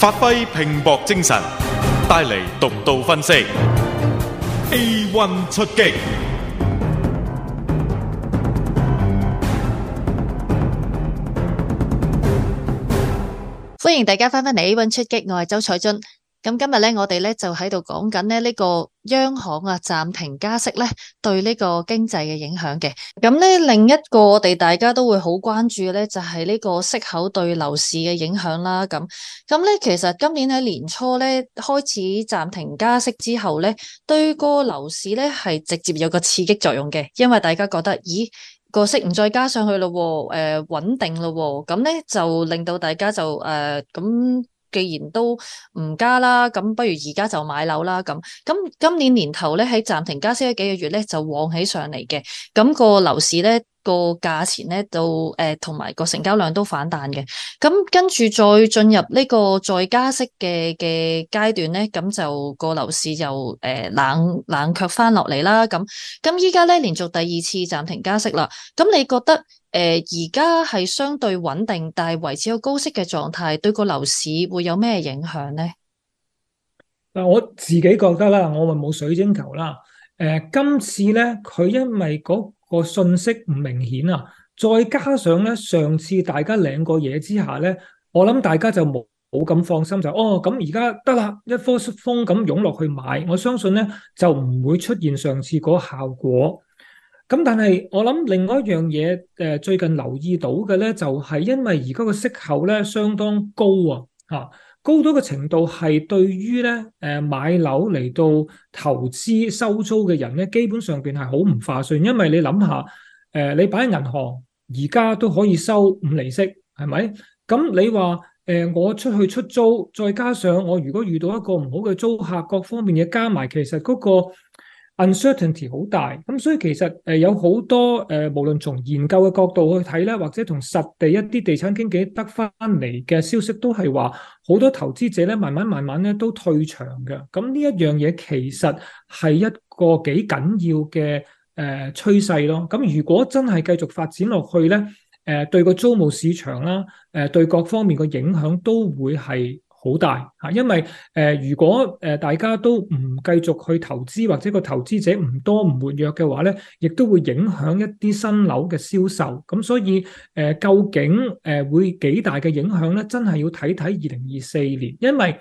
發揮拼搏精神，帶嚟獨到分析。A one 出擊，歡迎大家翻返嚟 A one 出擊，我係周彩津。咁今日咧，我哋咧就喺度講緊咧，呢個央行啊暫停加息咧，對呢個經濟嘅影響嘅。咁咧，另一個我哋大家都會好關注嘅咧，就係呢個息口對樓市嘅影響啦。咁咁咧，其實今年喺年初咧開始暫停加息之後咧，對個樓市咧係直接有個刺激作用嘅，因為大家覺得，咦個息唔再加上去咯喎，誒穩定咯喎，咁咧就令到大家就誒咁。既然都唔加啦，咁不如而家就買樓啦。咁咁今年年頭咧，喺暫停加息嘅幾個月咧，就旺起上嚟嘅。咁個樓市咧個價錢咧，就誒同埋個成交量都反彈嘅。咁跟住再進入呢個再加息嘅嘅階段咧，咁就個樓市又誒、呃、冷冷卻翻落嚟啦。咁咁依家咧，連續第二次暫停加息啦。咁你覺得？誒，而家係相對穩定，但係維持個高息嘅狀態，對個樓市會有咩影響咧？但我自己覺得啦，我咪冇水晶球啦。誒、呃，今次咧，佢因為嗰個信息唔明顯啊，再加上咧，上次大家領過嘢之下咧，我諗大家就冇咁放心就哦咁而家得啦，一窩蜂咁湧落去買，我相信咧就唔會出現上次嗰個效果。咁但係我諗另外一樣嘢，誒最近留意到嘅咧，就係因為而家個息口咧相當高啊，嚇高到嘅程度係對於咧誒買樓嚟到投資收租嘅人咧，基本上邊係好唔划算，因為你諗下，誒、呃、你擺喺銀行而家都可以收五釐息，係咪？咁你話誒、呃、我出去出租，再加上我如果遇到一個唔好嘅租客，各方面嘢加埋，其實嗰、嗰個。Uncertainty 好大，咁所以其實誒有好多誒、呃、無論從研究嘅角度去睇咧，或者從實地一啲地產經紀得翻嚟嘅消息都，都係話好多投資者咧慢慢慢慢咧都退場嘅。咁呢一樣嘢其實係一個幾緊要嘅誒趨勢咯。咁如果真係繼續發展落去咧，誒、呃、對個租務市場啦，誒、呃、對各方面嘅影響都會係好大吓，因為誒、呃，如果誒、呃、大家都唔繼續去投資，或者個投資者唔多唔活躍嘅話咧，亦都會影響一啲新樓嘅銷售。咁、嗯、所以誒、呃，究竟誒、呃、會幾大嘅影響咧？真係要睇睇二零二四年，因為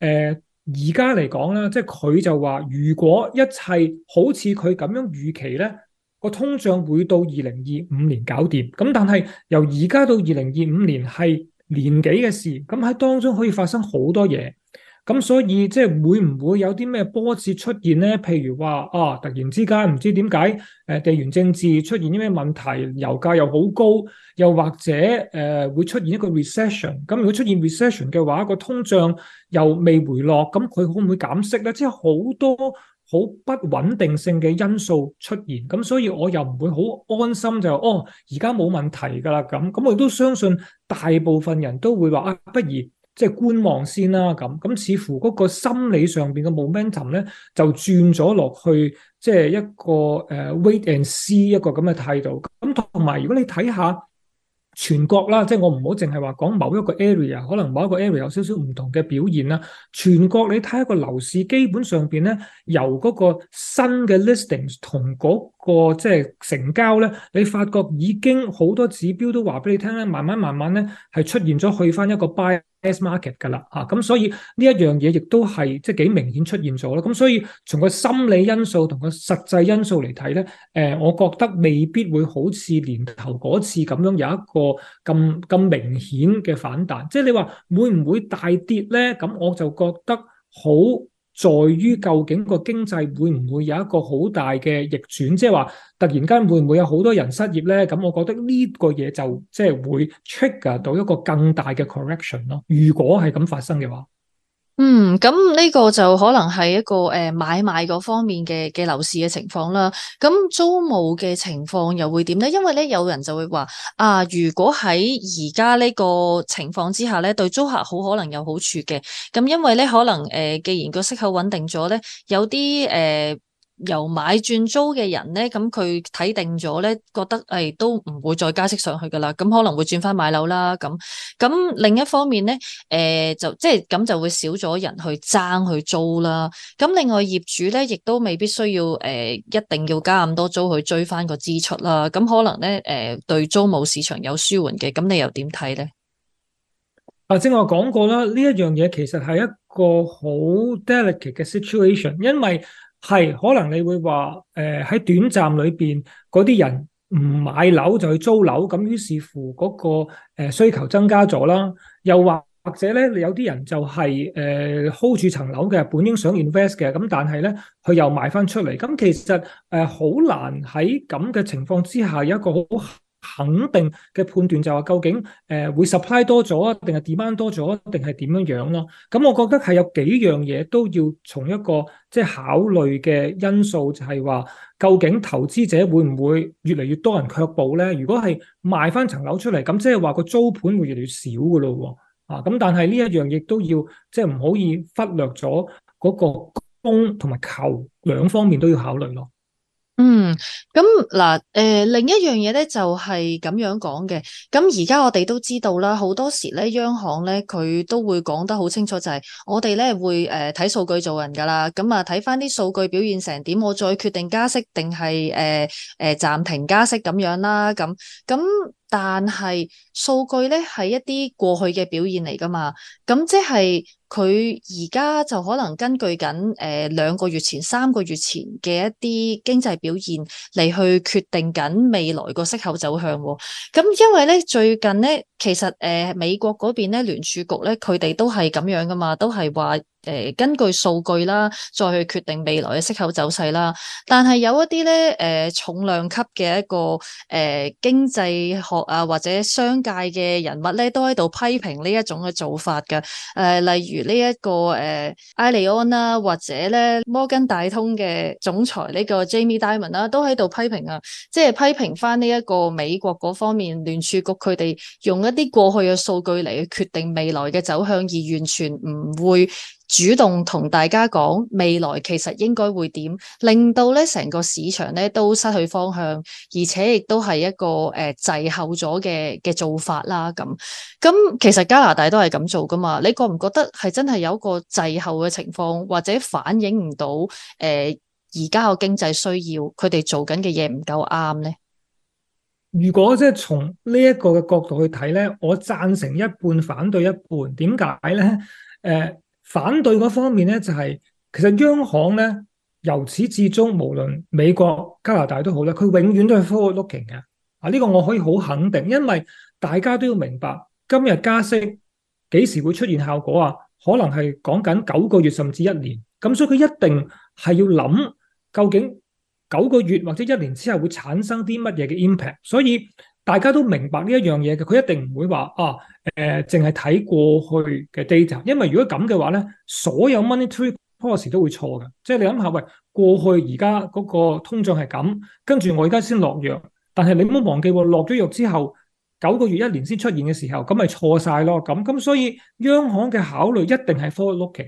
誒而家嚟講啦，即係佢就話，如果一切好似佢咁樣預期咧，個通脹會到二零二五年搞掂。咁但係由而家到二零二五年係。年幾嘅事，咁喺當中可以發生好多嘢，咁所以即係會唔會有啲咩波折出現咧？譬如話啊，突然之間唔知點解，誒、呃、地緣政治出現啲咩問題，油價又好高，又或者誒、呃、會出現一個 recession，咁如果出現 recession 嘅話，那個通脹又未回落，咁佢會唔會減息咧？即係好多。好不穩定性嘅因素出現，咁所以我又唔會好安心就哦，而家冇問題噶啦咁，咁我亦都相信大部分人都會話啊，不如即係觀望先啦咁，咁似乎嗰個心理上邊嘅 momentum 咧就轉咗落去，即係一個誒 uh, wait and see 一個咁嘅態度。咁同埋如果你睇下，全國啦，即係我唔好淨係話講某一個 area，可能某一個 area 有少少唔同嘅表現啦。全國你睇下個樓市，基本上邊咧由嗰個新嘅 listings 同嗰個即係成交咧，你發覺已經好多指標都話俾你聽啦，慢慢慢慢咧係出現咗去翻一個 buy。S S market 噶啦。嚇、啊、咁、嗯、所以呢一樣嘢亦都係即係幾明顯出現咗咯。咁、嗯、所以從個心理因素同個實際因素嚟睇咧，誒、呃，我覺得未必會好似年頭嗰次咁樣有一個咁咁明顯嘅反彈。即係你話會唔會大跌咧？咁我就覺得好。在於究竟個經濟會唔會有一個好大嘅逆轉，即係話突然間會唔會有好多人失業呢？咁我覺得呢個嘢就即係會 trigger 到一個更大嘅 correction 囉。如果係咁發生嘅話。嗯，咁呢個就可能係一個誒、呃、買賣嗰方面嘅嘅樓市嘅情況啦。咁租務嘅情況又會點呢？因為咧有人就會話啊，如果喺而家呢個情況之下咧，對租客好可能有好處嘅。咁因為咧可能誒、呃，既然個息口穩定咗咧，有啲誒。呃由買轉租嘅人咧，咁佢睇定咗咧，覺得誒、哎、都唔會再加息上去噶啦，咁可能會轉翻買樓啦。咁咁另一方面咧，誒、呃、就即係咁就會少咗人去爭去租啦。咁另外業主咧，亦都未必需要誒、呃，一定要加咁多租去追翻個支出啦。咁可能咧，誒、呃、對租務市場有舒緩嘅。咁你又點睇咧？阿晶、啊，我講過啦，呢一樣嘢其實係一個好 delicate 嘅 situation，因為。係，可能你會話，誒、呃、喺短暫裏邊嗰啲人唔買樓就去租樓，咁於是乎嗰、那個、呃、需求增加咗啦。又或者咧，有啲人就係、是、誒、呃、hold 住層樓嘅，本應想 invest 嘅，咁但係咧，佢又賣翻出嚟。咁其實誒好、呃、難喺咁嘅情況之下有一個好。肯定嘅判斷就係話究竟誒、呃、會 supply 多咗定係 demand 多咗定係點樣樣咯？咁我覺得係有幾樣嘢都要從一個即係考慮嘅因素就，就係話究竟投資者會唔會越嚟越多人卻步咧？如果係賣翻層樓出嚟，咁即係話個租盤會越嚟越少嘅咯喎啊！咁、啊、但係呢一樣亦都要即係唔可以忽略咗嗰個供同埋求兩方面都要考慮咯。嗯，咁嗱，誒、呃，另一樣嘢咧就係咁樣講嘅。咁而家我哋都知道啦，好多時咧央行咧佢都會講得好清楚就，就係我哋咧會誒睇數據做人噶啦。咁啊睇翻啲數據表現成點，我再決定加息定係誒誒暫停加息咁樣啦。咁咁。但係數據咧係一啲過去嘅表現嚟噶嘛，咁即係佢而家就可能根據緊誒兩個月前，三個月前嘅一啲經濟表現嚟去決定緊未來個息口走向。咁因為咧最近咧，其實誒、呃、美國嗰邊咧聯儲局咧佢哋都係咁樣噶嘛，都係話。誒、呃、根據數據啦，再去決定未來嘅息口走勢啦。但係有一啲咧，誒、呃、重量級嘅一個誒、呃、經濟學啊，或者商界嘅人物咧，都喺度批評呢一種嘅做法嘅。誒、呃、例如呢、這、一個誒艾利安啦，或者咧摩根大通嘅總裁呢個 Jamie Dimon 啦、啊，都喺度批評啊，即係批評翻呢一個美國嗰方面聯儲局佢哋用一啲過去嘅數據嚟去決定未來嘅走向，而完全唔會。主動同大家講未來其實應該會點，令到咧成個市場咧都失去方向，而且亦都係一個誒滯後咗嘅嘅做法啦。咁咁其實加拿大都係咁做噶嘛？你覺唔覺得係真係有一個滯後嘅情況，或者反映唔到誒而家嘅經濟需要？佢哋做緊嘅嘢唔夠啱咧？如果即係從呢一個嘅角度去睇咧，我贊成一半，反對一半。點解咧？誒、呃？反對嗰方面咧，就係、是、其實央行咧，由始至終無論美國、加拿大都好啦，佢永遠都係 forward looking 嘅。啊，呢個我可以好肯定，因為大家都要明白，今日加息幾時會出現效果啊？可能係講緊九個月甚至一年，咁所以佢一定係要諗究竟九個月或者一年之後會產生啲乜嘢嘅 impact，所以。大家都明白呢一樣嘢嘅，佢一定唔會話啊誒，淨係睇過去嘅 data，因為如果咁嘅話咧，所有 monetary policy 都會錯嘅。即係你諗下，喂，過去而家嗰個通脹係咁，跟住我而家先落藥，但係你唔好忘記喎，落咗藥之後九個月一年先出現嘅時候，咁咪錯晒咯。咁咁所以央行嘅考慮一定係 forward look 嘅。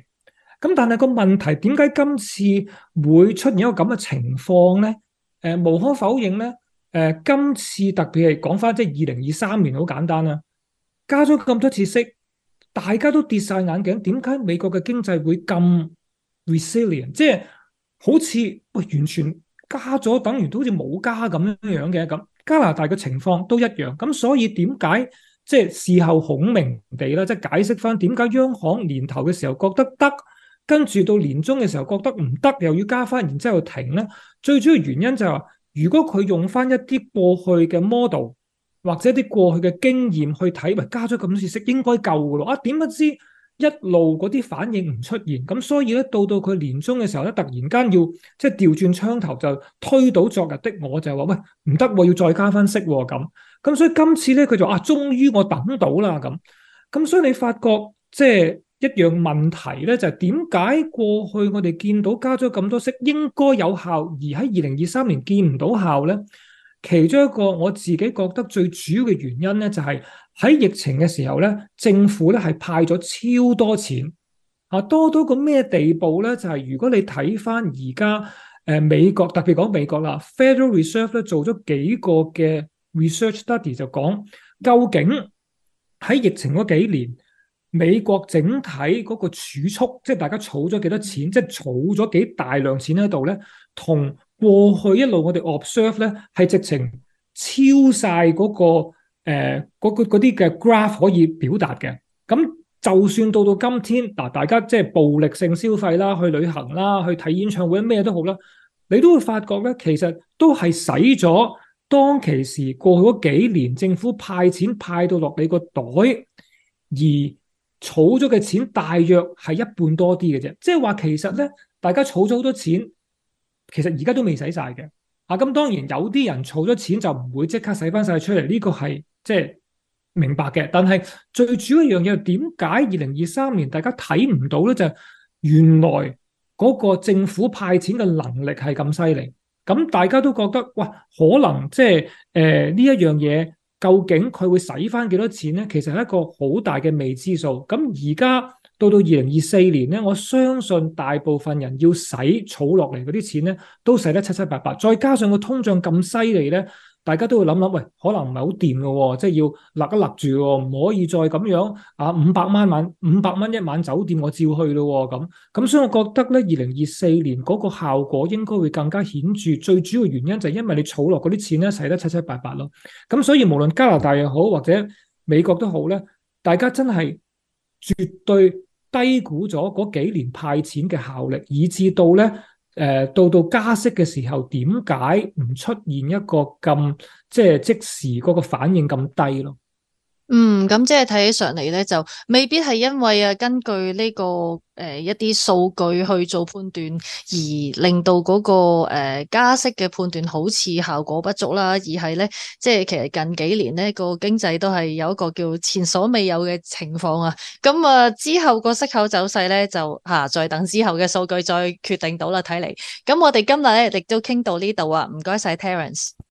咁但係個問題點解今次會出現一個咁嘅情況咧？誒、呃，無可否認咧。誒、呃，今次特別係講翻即係二零二三年，好簡單啊。加咗咁多次息，大家都跌晒眼鏡，點解美國嘅經濟會咁 resilient？即係好似喂，完全加咗，等於都好似冇加咁樣嘅咁。加拿大嘅情況都一樣，咁所以點解即係事後孔明地啦，即係解釋翻點解央行年頭嘅時候覺得得，跟住到年中嘅時候覺得唔得，又要加翻，然之後停咧。最主要原因就係。如果佢用翻一啲過去嘅 model 或者一啲過去嘅經驗去睇，喂加咗咁多息應該夠嘅咯。啊點不知一路嗰啲反應唔出現，咁所以咧到到佢年終嘅時候咧，突然間要即係調轉槍頭，就推到昨日的我，就係話喂唔得喎，要再加翻息喎咁。咁所以今次咧佢就啊，終於我等到啦咁。咁所以你發覺即係。一樣問題咧，就係點解過去我哋見到加咗咁多息應該有效，而喺二零二三年見唔到效咧？其中一個我自己覺得最主要嘅原因咧，就係喺疫情嘅時候咧，政府咧係派咗超多錢，啊多到個咩地步咧？就係如果你睇翻而家誒美國，特別講美國啦，Federal Reserve 咧做咗幾個嘅 research study 就講，究竟喺疫情嗰幾年，美國整體嗰個儲蓄，即係大家儲咗幾多錢，即係儲咗幾大量錢喺度咧，同過去一路我哋 observe 咧，係直情超晒嗰、嗰個誒嗰啲嘅 graph 可以表達嘅。咁就算到到今天，嗱，大家即係暴力性消費啦，去旅行啦，去睇演唱會咩都好啦，你都會發覺咧，其實都係使咗當其時過去嗰幾年政府派錢派到落你個袋，而儲咗嘅錢大約係一半多啲嘅啫，即係話其實咧，大家儲咗好多錢，其實而家都未使晒嘅。啊，咁當然有啲人儲咗錢就唔會即刻使翻晒出嚟，呢個係即係明白嘅。但係最主要一樣嘢，點解二零二三年大家睇唔到咧？就係原來嗰個政府派錢嘅能力係咁犀利，咁大家都覺得哇，可能即係誒呢一樣嘢。究竟佢會使翻幾多錢咧？其實係一個好大嘅未知數。咁而家到到二零二四年咧，我相信大部分人要使儲落嚟嗰啲錢咧，都使得七七八八。再加上個通脹咁犀利咧。大家都會諗諗，喂，可能唔係好掂嘅喎，即係要勒一勒住喎，哦，唔可以再咁樣啊，五百蚊晚五百蚊一晚酒店我照去咯喎。哦，咁咁所以我覺得咧，二零二四年嗰個效果應該會更加顯著，最主要原因就係因為你儲落嗰啲錢咧，使得七七八八咯。咁所以無論加拿大又好或者美國都好咧，大家真係絕對低估咗嗰幾年派錢嘅效力，以至到咧。誒到到加息嘅時候，點解唔出現一個咁即係即時嗰個反應咁低咯？嗯，咁即係睇起上嚟咧，就未必係因為啊，根據呢、這個誒、呃、一啲數據去做判斷，而令到嗰、那個誒、呃、加息嘅判斷好似效果不足啦。而係咧，即係其實近幾年咧個經濟都係有一個叫前所未有嘅情況啊。咁啊之後個息口走勢咧就吓、啊，再等之後嘅數據再決定到啦。睇嚟，咁我哋今日咧亦都傾到呢度啊，唔該晒 Terence。